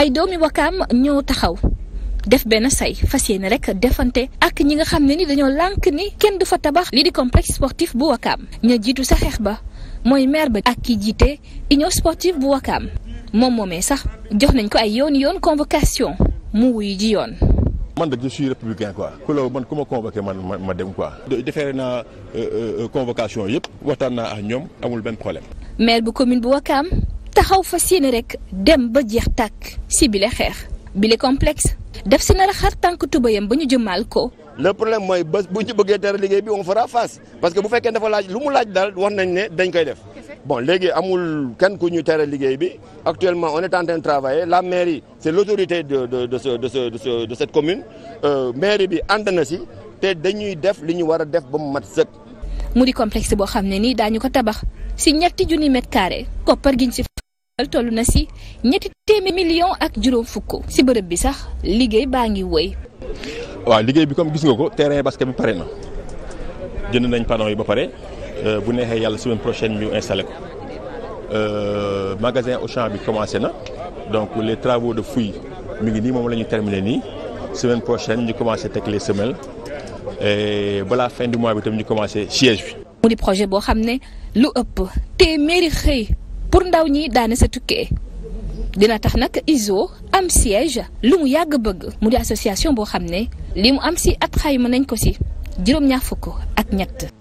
ay doomi wakaam ñoo taxaw def benn say fas yéene rek defante ak ñi nga xam ne ni dañoo lànk ni kenn du fa tabax lii di complexe sportif bu wakaam ña jiitu sa xeex ba mooy maire ba ak ki jiite union sportive bu wakaam moom moomee sax jox nañ ko ay yoon yoon convocation mu wuyu ji yoon man de je suis républicain quoi ku la man ku ma convoqué man ma dem quoi. defeere naa euh, euh, convocation yépp waxtaan naa ak ñoom amul benn problème. maire bu commune bu Wakaam taxaw fas yéene rek dem ba jeex tàkk si bile xeex bile complexe def si nar a xar tànk tubayam ba ñu jëmaal ko. le problème mooy ba bu ñu bëggee tere liggéey bi on a face parce que bu fekkee dafa laaj lu mu laaj daal wax nañ ne dañ koy def bon léegi amul kenn ku ñu tere liggéey bi actuellement on est en train la mairie c' est l' autorité de de de ce cette commune euh, mairie bi ànd na si te dañuy def li ñu war a def ba mu mat sëkk. mu di complexe boo xam ne nii ñu ko tabax si ñetti toll na si ñetti téeméer million ak juróom fukk si bërëb bi sax liggéey baa ngi wëy. waaw liggéey bi comme gis nga ko terrain basket bi pare na jënd nañ panneau yi ba pare euh, bu neexee yàlla semaine prochaine ñu installé ko euh, magasin au Auchan bi commencé na donc les travaux de fouille mu ngi nii moom la ñu terminé nii semaine prochaine ñu commencé teg les semelles balaa fin du mois bi tam ñu commencé siège bi. mu di projet boo xam ne lu ëpp téeméeri xëy. pour ndaw ñi daane sa tukkee dina tax nag ISO am siège lu mu yàgg bëgg mu di association boo xam ne li mu am si at xayma nañ ko si juróom-ñaar fukk ak ñett.